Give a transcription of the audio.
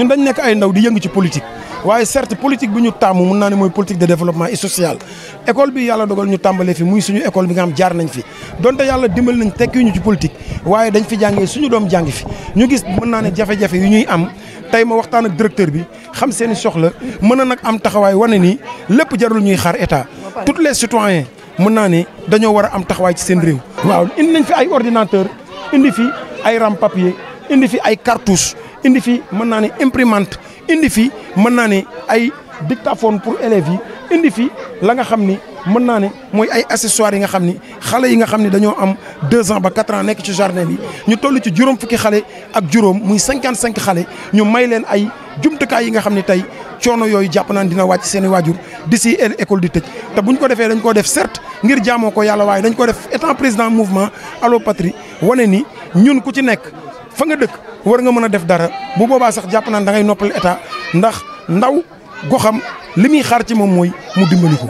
ñun dañ nekk ay ndaw di yëngu ci politique waaye certes politique bi ñu tàmm mun naa ne mooy politique de développement et social école bi yàlla dogal ñu tàmbalee fi muy suñu école bi nga xam jaar nañ fi donte yàlla dimbali nañ tekki ñu ci politique waaye dañ fi jàngee suñu doom jàng fi ñu gis mën naa ne jafe-jafe yu ñuy am tey ma waxtaan ak directeur bi xam seeni soxla mën na nag am taxawaay wane nii lépp jarul ñuy xaar état toutes les citoyens mën naa ne dañoo war a am taxawaay ci seen réew. waaw indi nañ fi ay ordinateur indi fi ay ram papier indi fi ay cartouche indi fi mën naa ne imprimante indi fi mën naa ne ay dictaphone pour élèves yi indi fi la nga xam ni mën naa ne mooy ay accessoires yi nga xam ni xale yi nga xam ni dañoo am deux ans ba quatre ans nekk ci jardin bi ñu toll ci juróom fukki xale ak juróom muy cinquante cinq xale ñu may leen ay jumtukaay yi nga xam ni tey coono yooyu jàpp naan dina wàcc seen di si d'ici école di tëj te bu ñu ko defee dañ ko def certes ngir jaamoo ko yàlla waaye dañ ko def étant président mouvement Allo wane ni ñun ku ci nekk. fa nga dëkk war nga mën a def dara bu boobaa sax jàpp naan da ngay noppal état ndax ndaw goxam li muy xaar ci moom mooy mu dimbali ko.